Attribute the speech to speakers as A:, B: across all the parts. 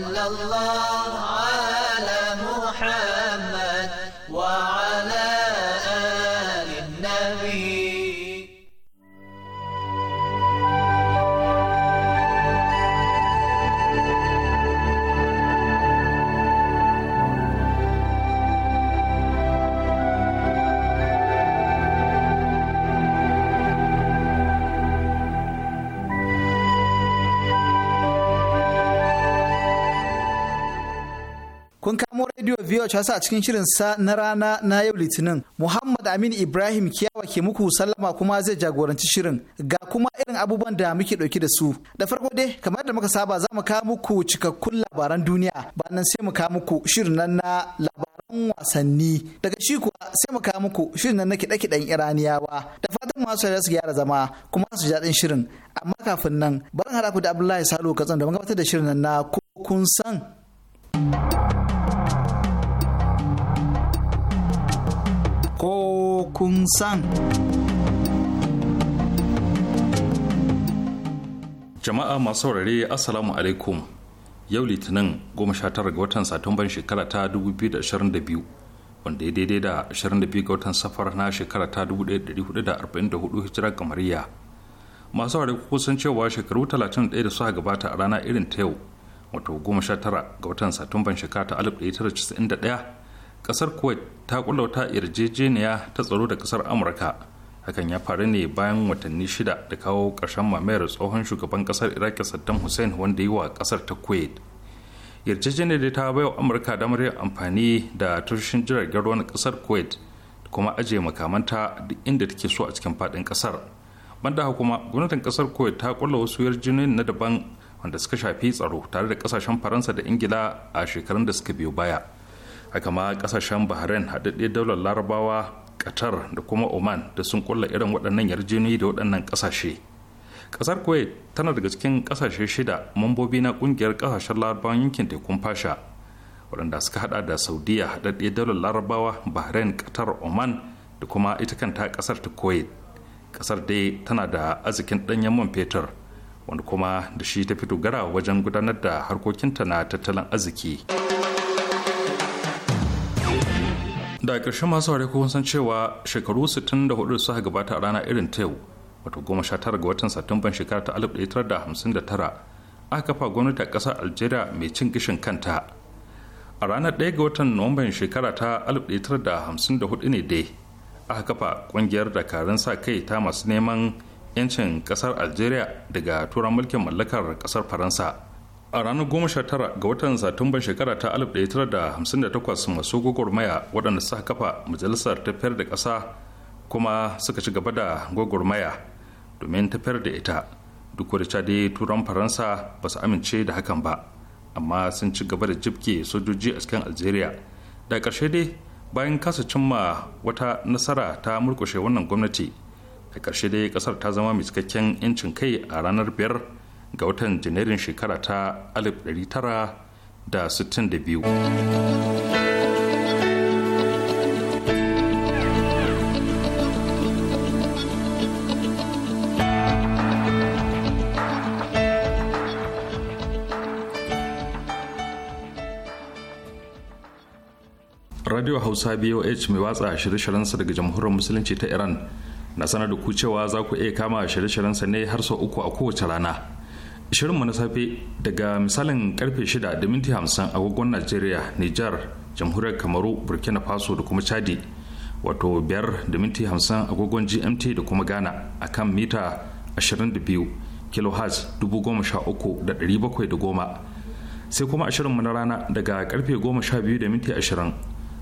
A: sallallahu
B: wace a cikin shirin sa na rana na yau litinin muhammad aminu ibrahim kiyawa ke muku sallama kuma zai jagoranci shirin ga kuma irin abubuwan da muke ɗauki da su da farko dai kamar da muka saba za mu kawo muku cikakkun labaran duniya ba nan sai mu kawo muku shirin nan na labaran wasanni daga shi kuwa sai mu kawo muku shirin nan na kiɗe-kiɗen iraniyawa da fatan masu da su gyara zama kuma su ji daɗin shirin amma kafin nan barin haɗa ku da abdullahi salo katsan da gabatar da shirin nan na kun san ko kun san.
C: Jama'a masu saurare Assalamu alaikum yau litinin 19 ga watan Satumban shekara ta 2022 wanda ya daidai da 22 ga watan safar na shekara ta 1444 hijira kamariya. Masu saurare kuku sun cewa shekaru 31 da suka gabata a rana irin ta yau wato 19 ga watan Satumban shekara ta 1991 kasar kuwait ta kula wata yarjejeniya ta tsaro da kasar amurka hakan ya faru ne bayan watanni shida da kawo ƙarshen mamayar tsohon shugaban kasar iraki saddam hussein wanda yi wa kasar ta kuwait yarjejeniyar da ta bai wa amurka damar yin amfani da tushen jiragen ruwan kasar kuwait kuma ajiye makamanta duk inda take so a cikin faɗin kasar banda haka kuma gwamnatin kasar kuwait ta kula wasu yarjejeniyoyin na daban wanda suka shafi tsaro tare da kasashen faransa da ingila a shekarun da suka biyo baya haka ma kasashen bahrain haɗaɗɗe daular larabawa qatar da kuma oman da sun kulla irin waɗannan yarjejeniyoyi da waɗannan ƙasashe ƙasar kuwait tana daga cikin ƙasashe shida mambobi na ƙungiyar ƙasashen larabawan yankin tekun fasha waɗanda suka haɗa da saudiya haɗaɗɗe daular larabawa bahrain qatar oman da kuma ita kanta ƙasar ta kuwait ƙasar dai tana da arzikin ɗanyen man fetur wanda kuma da shi ta fito gara wajen gudanar da harkokinta na tattalin arziki. da ƙarshen masu ware kun san cewa shekaru 64 suka gabata a rana irin ta yau wato 19 ga watan satumban shekara ta 1959 aka kafa gwamnati a ƙasar algeria mai cin gishin kanta a ranar 1 ga watan nuwamban shekara ta 1954 ne dai aka kafa ƙungiyar dakarun sa kai ta masu neman 'yancin ƙasar algeria daga turan mulkin mallakar ƙasar faransa a ranar goma sha tara ga watan satumban shekara ta alif tara da da hamsin takwas masu gwagwarmaya waɗanda suka kafa majalisar tafiyar da ƙasa kuma suka ci gaba da gwagwarmaya domin tafiyar da ita duk da dai turan faransa ba su amince da hakan ba amma sun ci gaba da jibke sojoji a cikin algeria da ƙarshe dai bayan kasa cimma wata nasara ta murƙushe wannan gwamnati a ƙarshe dai ƙasar ta zama mai cikakken 'yancin kai a ranar biyar ga watan janairun shekara ta 1962 radio hausa boh mai watsa shirye sa daga jamhuriyar musulunci ta iran na sanar da ku cewa za ku iya kama shirye sa ne har sau uku a kowace rana shirinmu na safe daga misalin karfe 6.50 agogon najeriya nijar jamhuriyar kamaru burkina faso da kuma chadi wato 5:50 50 agogon gmt da kuma ghana a kan mita 22 kilohertz 13710 sai kuma shirinmu na rana daga karfe 12.20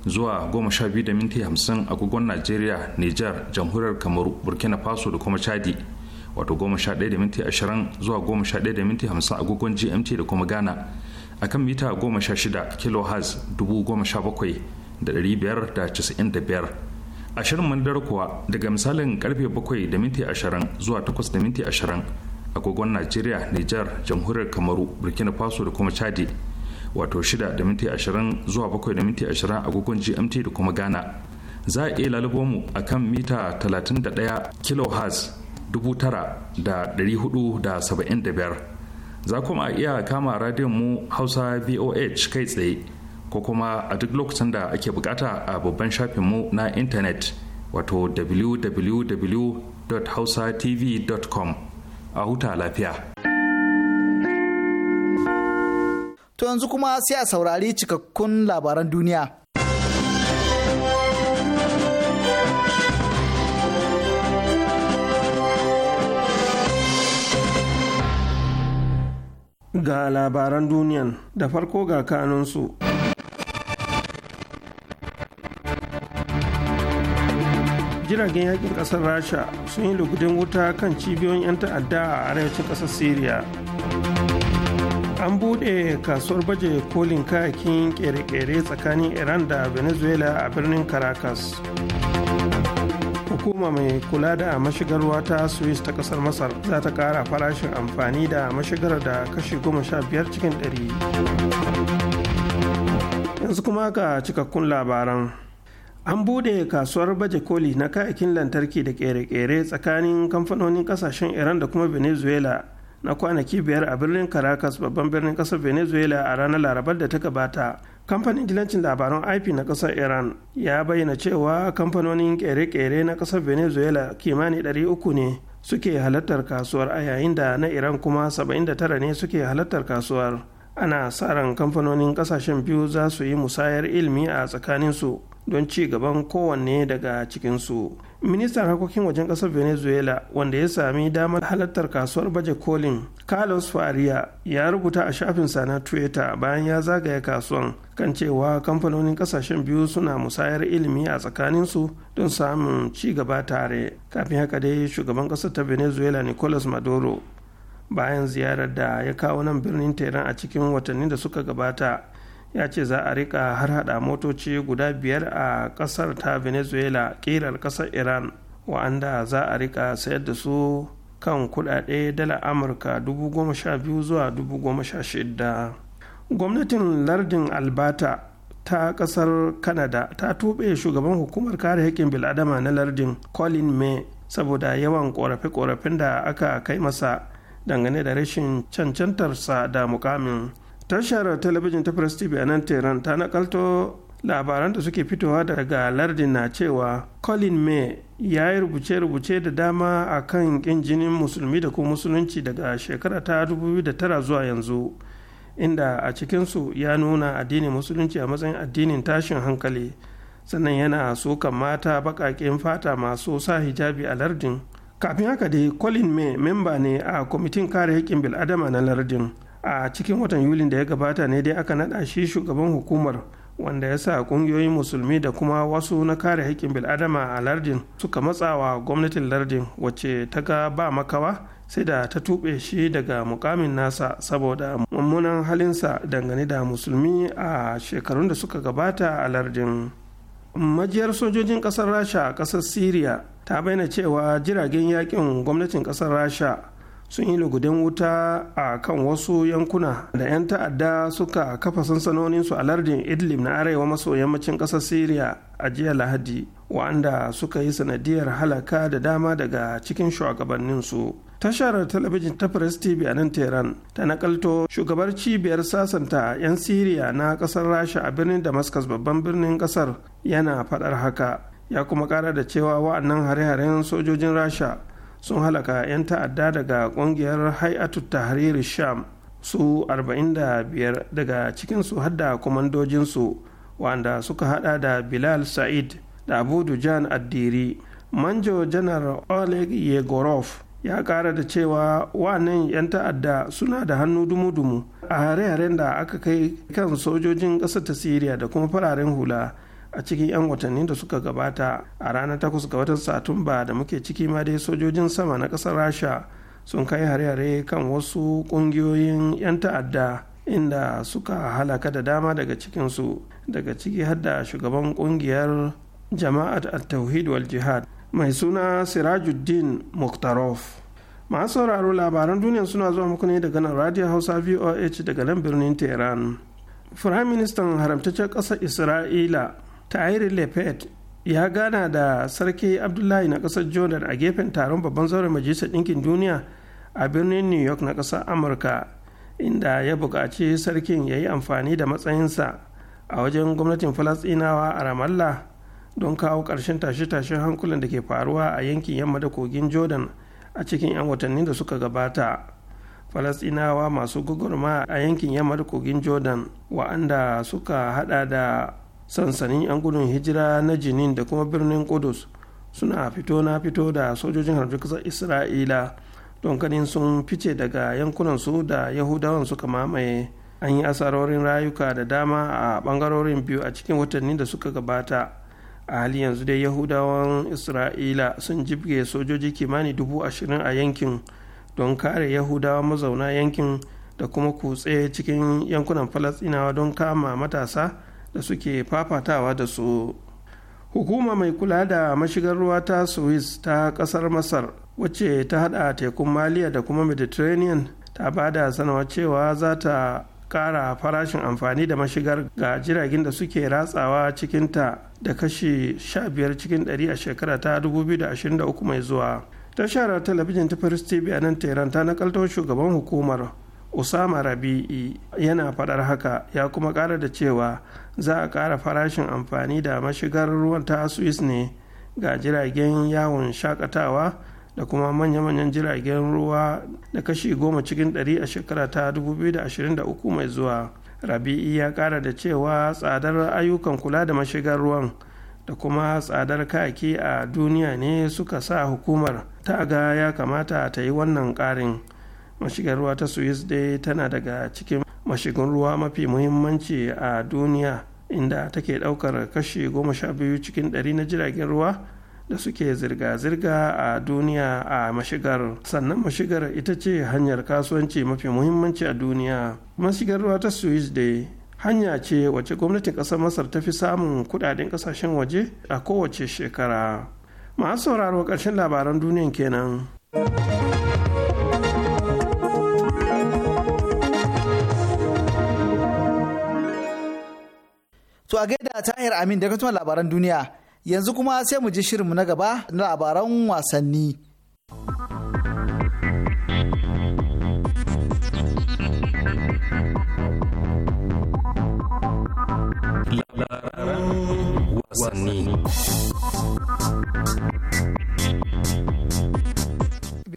C: zuwa 12.50 agogon najeriya nijar jamhuriyar kamaru burkina faso da kuma chadi wato 11:20 zuwa 11:50 agogon gmt da kuma ghana a kan mita 16 kilohertz 17,595 shirin mandar kuwa daga misalin karfe bakwai da minti ashirin zuwa takwas da minti ashirin agogon najeriya niger jamhuriyar kamaru burkina faso da kuma chadi wato shida da minti ashirin zuwa bakwai da minti ashirin agogon gmt da kuma ghana za a iya lalubo mu a kan mita 31 kilohertz biyar za kuma iya kama radiyon mu hausa voh kai tsaye ko kuma a duk lokacin da ake bukata a babban mu na intanet wato www.hausatv.com a huta lafiya
B: to yanzu kuma sai a saurari cikakkun labaran duniya
D: ga labaran duniyan da farko ga kanunsu. jiragen yakin kasar rasha sun yi lugudin wuta kan cibiyoyin 'yan ta'adda a arewacin kasar syria an buɗe kasuwar baje kolin kayakin kere-kere tsakanin iran da venezuela a birnin caracas hukuma mai kula da mashigar ta swiss ta kasar masar za ta kara farashin amfani da mashigar da kashi goma sha biyar cikin ɗari yanzu kuma ga cikakkun labaran an bude kasuwar baje koli na kayakin lantarki da kere-kere tsakanin kamfanonin kasashen iran da kuma venezuela na kwanaki biyar a birnin caracas babban birnin kasar venezuela a ranar larabar da ta gabata kamfanin dilancin labaran ip na ƙasar iran ya bayyana cewa kamfanonin kere-kere na ƙasar venezuela kimani 300 ne suke halartar kasuwar a yayin da na iran kuma 79 ne suke halartar kasuwar ana sa ran kamfanonin ƙasashen biyu za su yi musayar ilimi a tsakaninsu don ci gaban kowanne daga cikinsu ministan harkokin wajen kasar venezuela wanda ya sami damar halartar kasuwar baje kolin carlos faria ya rubuta a shafinsa na twitter bayan ya zagaya kasuwan kan cewa kamfanonin kasashen biyu suna musayar ilimi a tsakaninsu don samun ci gaba tare kafin haka dai shugaban kasar ta venezuela nicolas maduro bayan ziyarar da ya kawo nan birnin teran a cikin watanni da suka gabata ya ce za a rika har hada motoci guda biyar a kasar ta venezuela kirar kasar iran wa'anda za a rika sayar da su kan kudade dala amurka 12,000 zuwa 16,000 gwamnatin lardin albata ta kasar canada ta tuɓe shugaban hukumar kare haƙƙin biladama na lardin colin may saboda yawan korafe-korafen da aka kai masa dangane da rashin cancantarsa da mukamin tashar talabijin ta press tv a nan tehran ta nakalto labaran da suke fitowa daga lardin na cewa colin may ya yi rubuce-rubuce da dama a kan ƙin jinin musulmi da kuma musulunci daga shekara ta tara zuwa yanzu inda a cikinsu ya nuna addinin musulunci a matsayin addinin tashin hankali sannan yana kan mata baƙaƙen fata masu sa hijabi a lardin kafin haka dai colin may memba ne a kwamitin kare haƙƙin bil'adama na lardin a cikin watan yulin da ya gabata ne dai aka naɗa shi shugaban hukumar wanda ya sa ƙungiyoyin musulmi da kuma wasu na kare haƙƙin bil'adama a lardin suka matsawa gwamnatin lardin wacce ta ga ba makawa sai da ta tuɓe shi daga mukamin nasa saboda mummunan halinsa dangane da musulmi a shekarun da suka gabata a lardin majiyar sojojin ƙasar rasha a ƙasar syria ta bayyana cewa jiragen yakin gwamnatin ƙasar rasha sun yi lugudin wuta a kan wasu yankuna da 'yan ta'adda suka kafa sansanoninsu a lardin idlib na arewa maso yammacin ƙasar syria a jiya lahadi wa'anda suka yi sanadiyar halaka da dama daga cikin shugabanninsu tashar talabijin ta press tv a nan tehran ta nakalto shugabar cibiyar sasanta 'yan syria na ƙasar rasha a birnin damascus babban birnin ƙasar yana faɗar haka ya kuma ƙara da cewa wa'annan hare-haren sojojin rasha sun halaka 'yan ta'adda daga ƙungiyar hay'atu tahrir sham su 45 daga cikinsu hadda kwamandojinsu wanda suka hada da bilal sa'id da abu jan addiri manjo janar oleg yegorov ya kara da cewa wannan 'yan ta'adda suna da hannu dumu-dumu a hare-haren da aka kai kan sojojin ƙasar ta siriya da kuma fararen hula a cikin 'yan watanni da suka gabata a ranar takwas ga watan satumba da muke ciki ma dai sojojin sama na ƙasar rasha sun kai hare-hare kan wasu ƙungiyoyin 'yan ta'adda inda suka halaka da dama daga cikinsu daga ciki har da shugaban ƙungiyar jama'at at-tauhid wal jihad mai suna sirajuddin muktarov masu sauraro labaran duniya suna zuwa muku ne daga nan radio hausa voh daga nan birnin tehran firayim ministan haramtaccen ƙasar isra'ila tahiri lefet ya gana da sarki abdullahi na kasar jordan a gefen taron babban zauren majalisar ɗinkin duniya a birnin new york na kasar amurka inda ya buƙaci sarkin ya yi amfani da matsayinsa a wajen gwamnatin falasɗinawa a ramallah don kawo ƙarshen tashe-tashen hankulan da ke faruwa a yankin yamma da kogin jordan a cikin 'yan watannin da suka gabata falasɗinawa masu gugurma a yankin yamma da kogin jordan wa'anda suka hada da sansanin 'yan gudun hijira na jinin da kuma birnin kudus suna fito na fito da sojojin harbin kasar isra'ila don ganin sun fice daga yankunansu da yahudawan suka mamaye an yi asarorin rayuka da dama a bangarorin biyu a cikin watanni da suka gabata a hali yanzu dai yahudawan isra'ila sun jibge sojoji kimani dubu ashirin a yankin don kare yahudawa mazauna yankin da kuma kutse cikin yankunan falasinawa don kama matasa da suke fafatawa da su hukuma mai kula da mashigar ruwa ta swiss ta kasar masar wacce ta hada tekun maliya da kuma mediterranean ta ba da sanarwa cewa za ta kara farashin amfani da mashigar ga jiragen da suke ratsawa cikinta da kashi 15 cikin 100 a shekara ta 2023 mai zuwa tashar talabijin ta first tv a nan tehran ta nakalto shugaban hukumar usama rabi'i yana fadar haka ya kuma ƙara da cewa za a kara farashin amfani da mashigar ruwan ta swiss ne ga jiragen yawon shakatawa da kuma manya-manyan jiragen ruwa da kashi goma cikin ɗari a shekara ta 2023 mai zuwa rabi'i ya ƙara da cewa tsadar ayyukan kula da mashigar ruwan da kuma tsadar kaki a duniya ne suka sa hukumar ta ga ya kamata ta yi wannan karin. mashigar ruwa ta suez dai tana daga cikin mashigan ruwa mafi muhimmanci a duniya inda take daukar kashi goma sha biyu cikin ɗari na jiragen ruwa da suke zirga-zirga a duniya a mashigar sannan mashigar ita ce hanyar kasuwanci mafi muhimmanci a duniya mashigar ruwa ta suez dai hanya ce wacce gwamnatin ƙasar masar ta fi samun kudaden ƙasashen waje a kowace shekara masu sauraro ƙarshen labaran duniyan kenan.
B: To a gaida Tahir Amin da kuma labaran duniya yanzu kuma sai mu ji shirinmu na gaba na labaran wasanni.
A: Labaran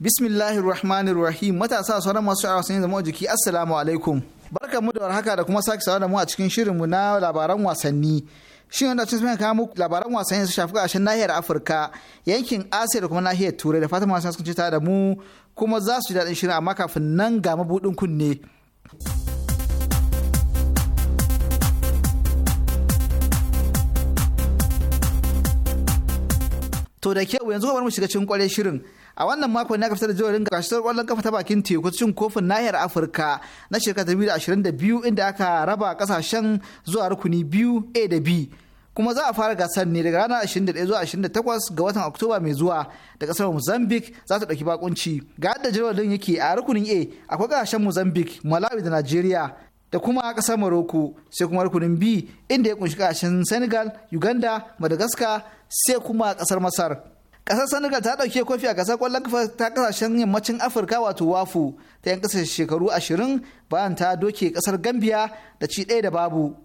B: Bismillahirrahmanirrahim matasa sauran masu a wasanni zama jiki Assalamu alaikum. barka mu da warhaka da kuma sake sawa da mu a cikin shirin mu na labaran wasanni shin wanda cin sun kawo labaran wasanni su shafi ƙarshen nahiyar afirka yankin asiya da kuma nahiyar turai da fatan masu sun ta da mu kuma za su ji daɗin shirin amma kafin nan ga mabuɗin kunne. To da kyau yanzu kamar mu shiga cikin kwale shirin a wannan makon na kafsar jihohin gasar kwallon kafa ta bakin teku cin kofin nahiyar afirka na shekara biyu inda aka raba kasashen zuwa rukuni biyu a da b kuma za a fara gasar ne daga ranar 21 zuwa 28 ga watan oktoba mai zuwa da kasar mozambique za ta ɗauki bakunci ga yadda jadawalin yake a rukunin a akwai kasashen mozambique malawi da nigeria da kuma kasar Morocco sai kuma rukunin B inda ya kunshi kasashen Senegal, Uganda, Madagascar sai kuma kasar Masar. kasar senegal ta dauke kofi a gasar kwallon kafa ta kasashen yammacin afirka wato wafu ta yan kasar shekaru ashirin bayan ta doke kasar gambia da ci daya da babu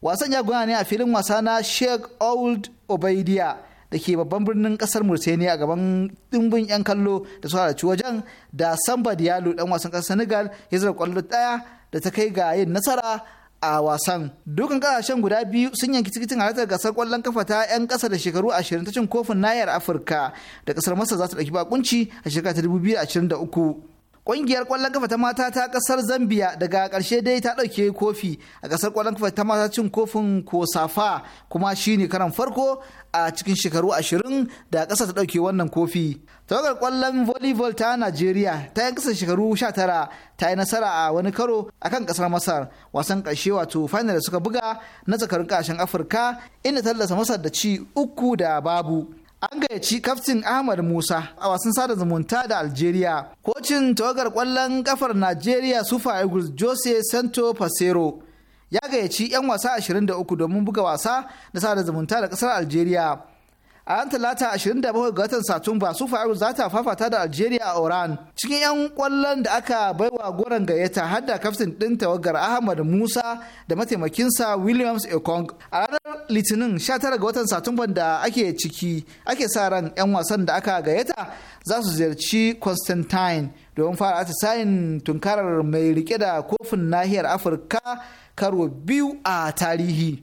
B: wasan ya gudana ne a filin wasa na sheikh old obaidiya da ke babban birnin kasar murtaniya a gaban dimbin yan kallo da su halarci wajen da samba diallo dan wasan kasar senegal ya zira kwallo ɗaya da ta kai ga yin nasara a wasan dukan kasashen guda biyu sun yanki tikitin halartar gasar kwallon kafa ta 'yan kasa da shekaru 20 ta cin kofin nayar afirka da kasar masar za ta ɗauki bakunci a shekara ta 2023 Ƙungiyar ƙwallon kafa ta mata ta ƙasar Zambia daga ƙarshe dai ta ɗauke kofi a ƙasar ƙwallon kafa ta mata cin kofin Kosafa kuma shine karan farko a cikin shekaru ashirin da ƙasa ta ɗauke wannan kofi. Tawagar ƙwallon volleyball ta Najeriya ta yi kasa shekaru tara ta yi nasara a wani karo akan ƙasar Masar wasan ƙarshe wato final da suka buga na zakarun ƙasashen Afirka inda tallasa Masar da ci uku da babu. an gayyaci kaftin ahmad musa a wasan sada zumunta da algeria kocin tawagar kwallon kafar najeriya sufa eagles jose santo pasero ya gayyaci 'yan wasa 23 domin buga wasa na sada zumunta da kasar algeria a ran talata 27 ga watan satumba sufa faru za ta fafata da algeria a oran cikin yan kwallon da aka baiwa goron gayyata har da kaftin din tawagar ahmad musa da mataimakinsa williams ekong a ranar litinin 19 ga watan satumba da ake ciki ake sa ran yan wasan da aka gayyata za su ziyarci constantine domin fara atisayin tunkarar mai rike da kofin nahiyar afirka karo biyu a tarihi.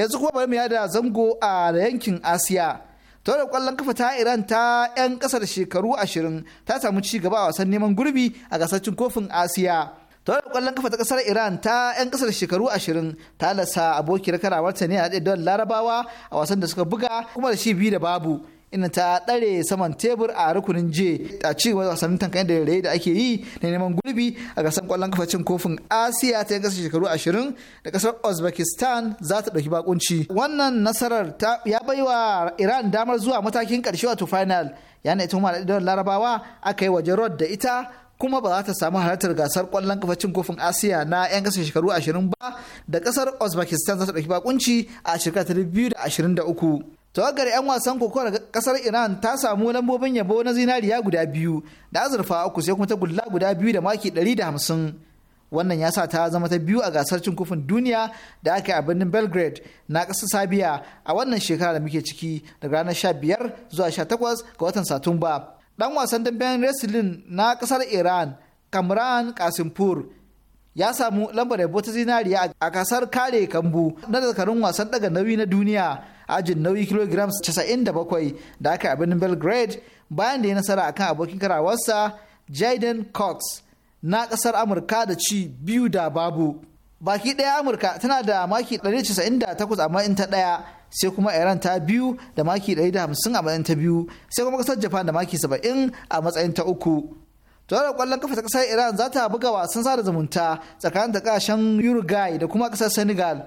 B: yanzu kuma bari mu yada zango a yankin asiya taurar kwallon kafa ta iran ta 'yan kasar shekaru ashirin ta samu ci gaba a wasan neman gurbi a gasar kofin asiya taurar kwallon kafa ta kasar iran ta 'yan kasar shekaru ashirin ta lasa abokiyar karawarta ne a don larabawa a wasan da suka buga kuma da shi biyu da babu ina ta tsare saman tebur a rukunin je a ci gaba da wasannin tankan da raye da ake yi na neman gurbi a gasar kwallon kafa cin kofin asiya ta yan shekaru ashirin da kasar uzbekistan za ta ɗauki bakunci wannan nasarar ya baiwa iran damar zuwa matakin ƙarshe wato final yana ita kuma da larabawa aka yi waje rod da ita kuma ba za ta samu halartar gasar kwallon kafa cin kofin asiya na 'yan kasar shekaru ashirin ba da kasar uzbekistan za ta ɗauki bakunci a shekara ta 2023 tawagar 'yan wasan kokowar kasar iran ta samu lambobin yabo na zinariya guda biyu da azurfa uku sai kuma ta gulla guda biyu da maki ɗari hamsin wannan ya sa ta zama ta biyu a gasar cin kofin duniya da aka yi a birnin belgrade na ƙasar sabiya a wannan shekara da muke ciki daga ranar 15 zuwa 18 ga watan satumba ɗan wasan damben wrestling na ƙasar iran kamran kasimpur ya samu lambar yabo ta zinariya a kasar kare kambu na zakarun wasan daga nauyi na duniya ajin nauyi kilograms 97 da aka abin belgrade bayan da ya nasara akan abokin karawarsa jaden cox na kasar amurka da ci biyu da babu baki ɗaya amurka tana da maki 198 amma in ta ɗaya sai kuma iran ta biyu da maki 150 a matsayin ta biyu sai kuma kasar japan da maki 70 a matsayin ta uku da kwallon kafa ta kasar iran za ta buga wasan sada zumunta tsakanin ta kasashen uruguay da kuma kasar senegal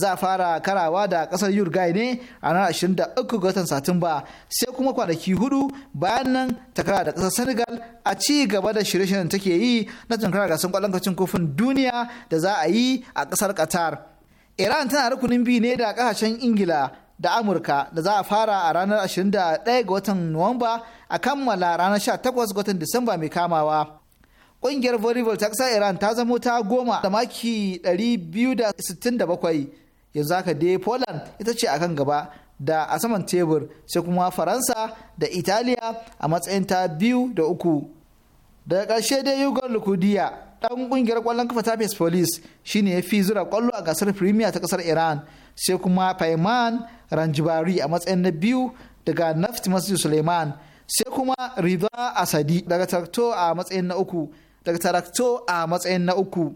B: za a fara karawa da kasar uruguay ne a ranar 23 ga watan satumba sai kuma kwanaki hudu bayan nan ta kara da kasar senegal a ci gaba da shirye-shiryen take yi na tunkarar gasar kwallon kacin kofin duniya da za a yi a ƙasar qatar iran tana rukunin biyu ne da kasashen ingila da Amurka da za a fara a ranar 21 ga watan Nuwamba a kammala ranar 18 ga watan Disamba mai kamawa. Ƙungiyar volleyball ta ƙasar Iran ta zamo ta goma da maki 267 yanzu haka dai Poland ita ce akan gaba da a saman tebur sai kuma Faransa da Italiya a matsayin ta biyu da uku. Daga ƙarshe dai Yugon Lukudiya dan kungiyar kwallon kafa ta Face Police shine ya fi zura kwallo a gasar Premier ta kasar Iran sai kuma faiman Ranjibari a matsayin na biyu daga Naft Masjid Suleiman sai kuma rida Asadi daga Tarakto a matsayin na uku daga Tarakto a matsayin na uku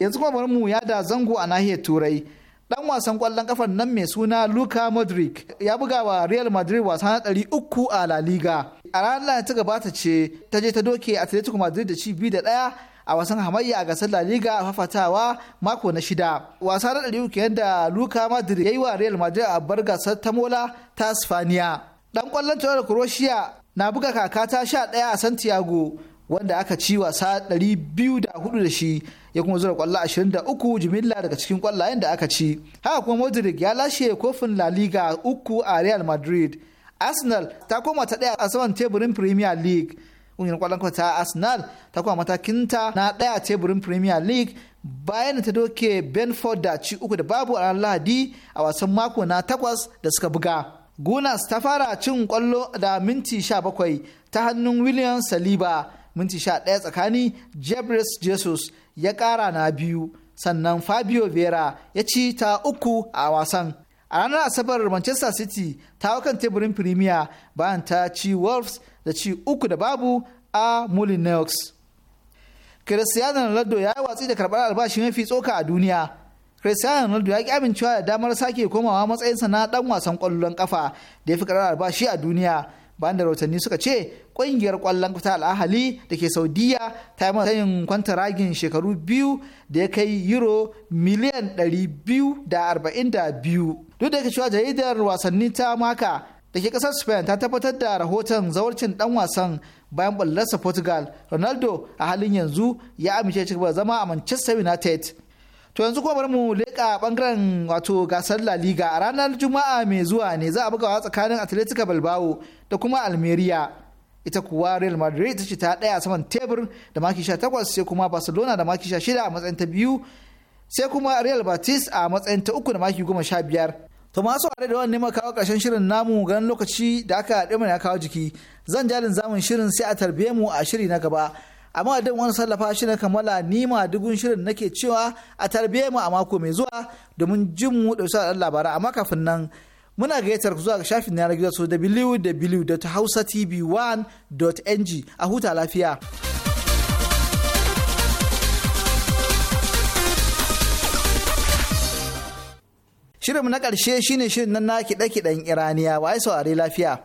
B: yanzu kuma bari mu yada zango a nahiyar turai dan wasan kwallon kafar nan mai suna Luka Modric ya buga wa Real Madrid wasa na 300 a La Liga. A ranar ta gabata ce ta je ta doke Atletico Madrid da ci 2 da ɗaya a wasan hamayya a gasar La Liga a fafatawa mako na shida. Wasa na 300 kenan da Luka Modric ya yi wa Real Madrid a bar gasar ta mola ta Spaniya. Dan kwallon da Croatia na buga kaka ta 11 a Santiago wanda aka ci wasa 204 da shi ya kuma zura kwallo 23 jimilla daga cikin kwallayen da aka ci haka kuma modric ya lashe kofin la liga uku a real madrid arsenal ta koma ta daya a saman teburin premier league ƙungiyar kwallon kafa ta arsenal ta koma matakinta na daya teburin premier league bayan ta doke benford da ci uku da babu a ranar lahadi a wasan mako na takwas da suka buga gunas ta fara cin kwallo da minti 17 ta hannun william saliba minti sha ɗaya tsakani jebris jesus ya ƙara na biyu sannan fabio vera ya ci ta uku a wasan a ranar asabar manchester city ta hau kan teburin premier bayan ta ci wolves da ci uku da babu a mullineux cristiano ronaldo ya yi watsi da karɓar albashi mafi tsoka a duniya cristiano ronaldo ya ki amincewa da damar sake komawa matsayinsa na ɗan wasan ƙwallon ƙafa da ya fi karar albashi a duniya bayan da rahotanni suka ce ƙungiyar ƙwallon kuta al'ahali da ke saudiya ta yi masa kwanta ragin shekaru biyu da ya kai euro miliyan 242 duk da yake cewa jaridar wasanni ta maka da ke kasar spain ta tabbatar da rahoton zawarcin dan wasan bayan ballarsa portugal ronaldo a halin yanzu ya amince cigaba zama a manchester united To yanzu kuma bari mu leƙa bangaren wato gasar La Liga a ranar Juma'a mai zuwa ne za a buga wa tsakanin Atletico Bilbao da kuma Almeria. Ita kuwa Real Madrid ta ce ta ɗaya saman tebur da maki 18 sai kuma Barcelona da maki 16 a matsayin ta biyu sai kuma Real Batis a matsayin ta uku da maki 15. To masu ware da wannan kawo ƙarshen shirin namu ganin lokaci da aka ɗima ya kawo jiki zan jalin zamun shirin sai a tarbiyemu mu a shiri na gaba. amma da wani sallafa shi na kammala nima dugun shirin nake cewa a tarbiyyar mu a mako mai zuwa domin jin mu da wasu labarai amma kafin nan muna gayyatar ku zuwa ga shafin na yanar gizo so www.hausatv1.ng a huta lafiya. Shirinmu na ƙarshe shine shirin na kiɗe-kiɗen Iraniya, wa saurari lafiya.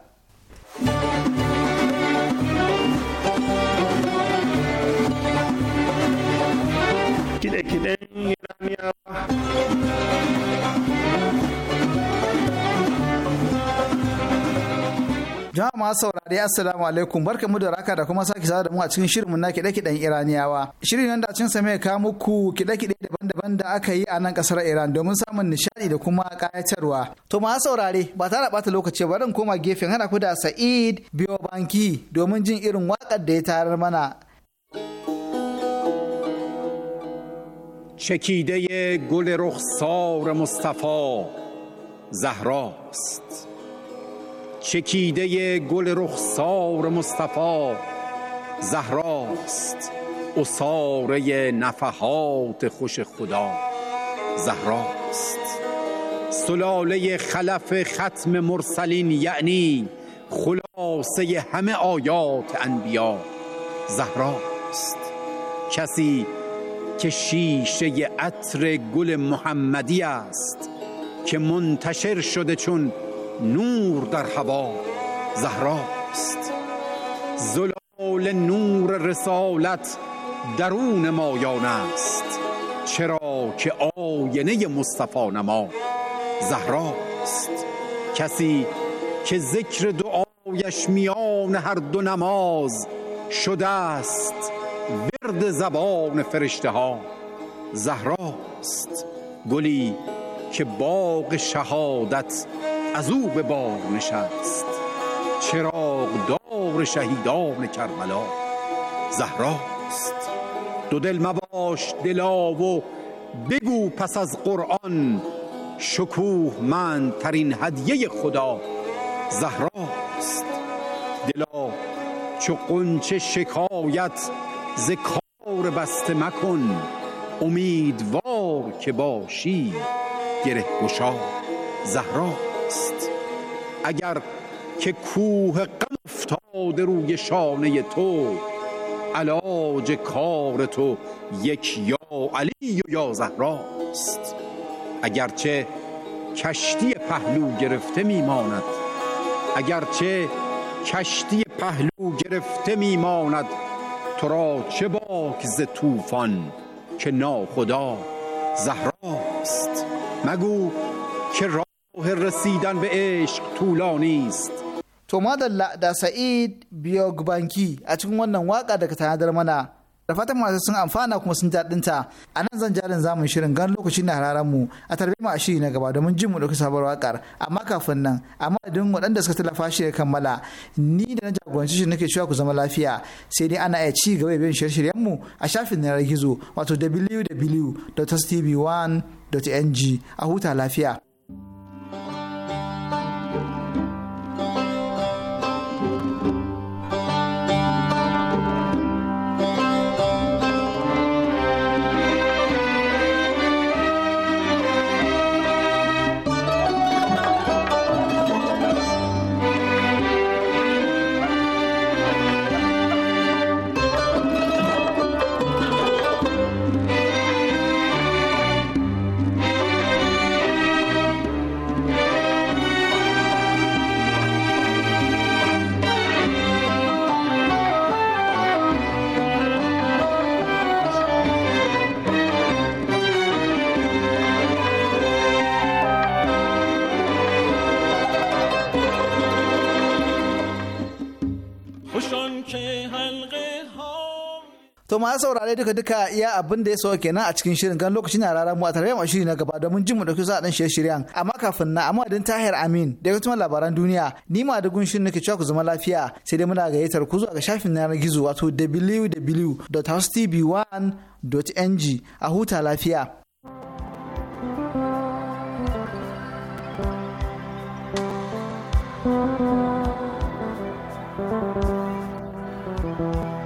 B: masu saurari assalamu alaikum barka mu da raka da kuma sake sada da mu a cikin shirinmu na kiɗe-kiɗen iraniyawa shirin nan da cin sa mai ka muku kiɗe-kiɗe daban-daban da aka yi a nan ƙasar iran domin samun nishaɗi da kuma kayatarwa. to masu saurare ba tare bata lokaci ba in koma gefen hana ku da sa'id biyo banki domin jin irin wakar da ya tarar mana
E: چکیده گل رخسار مصطفی زهراست چکیده گل رخسار مصطفی زهراست اصاره نفحات خوش خدا زهراست سلاله خلف ختم مرسلین یعنی خلاصه همه آیات انبیا زهراست کسی که شیشه عطر گل محمدی است که منتشر شده چون نور در هوا زهراست زلال نور رسالت درون مایان است چرا که آینه مصطفی نما زهراست کسی که ذکر دعایش میان هر دو نماز شده است ورد زبان فرشته ها زهراست گلی که باغ شهادت از او به بار نشست چراغ دار شهیدان کربلا زهراست دو دل مباش دلا و بگو پس از قرآن شکوه من ترین هدیه خدا زهراست دلا چو قنچه شکایت ز کار بسته مکن امیدوار که باشی گره گشا زهراست اگر که کوه غم افتاده روی شانه تو علاج کار تو یک یا علی و یا زهراست اگرچه کشتی پهلو گرفته میماند اگرچه کشتی پهلو گرفته میماند تو را چه باک ز طوفان که ناخدا زهراست مگو که رسیدن به عشق طولانی است to madalla da sa'id
B: biyogbanki a cikin wannan waka daga tanadar mana da fatan masu sun amfana kuma sun daɗinta a nan zan jarin zamun shirin gan lokaci na hararen mu a tarbe mu a shiri na gaba domin jin mu ɗauki sabuwar wakar amma kafin nan amma idan waɗanda suka tallafa shi ya kammala ni da na jagoranci shi nake cewa ku zama lafiya sai dai ana iya ci gaba bin shirye-shiryen mu a shafin na gizo wato www.tv1.ng a huta lafiya. ma saurare duka duka iya abin da ya sauka kenan a cikin shirin gan lokaci na rara mu a tarayyar shiri na gaba domin jin mu dauki za a dan shirye-shiryen amma kafin na amma din tahir amin da kuma labaran duniya ni ma da gunshin nake cewa ku zama lafiya sai dai muna gayyatar ku zuwa ga shafin yanar gizo wato wwwhostb 1ng a huta lafiya.
A: thank you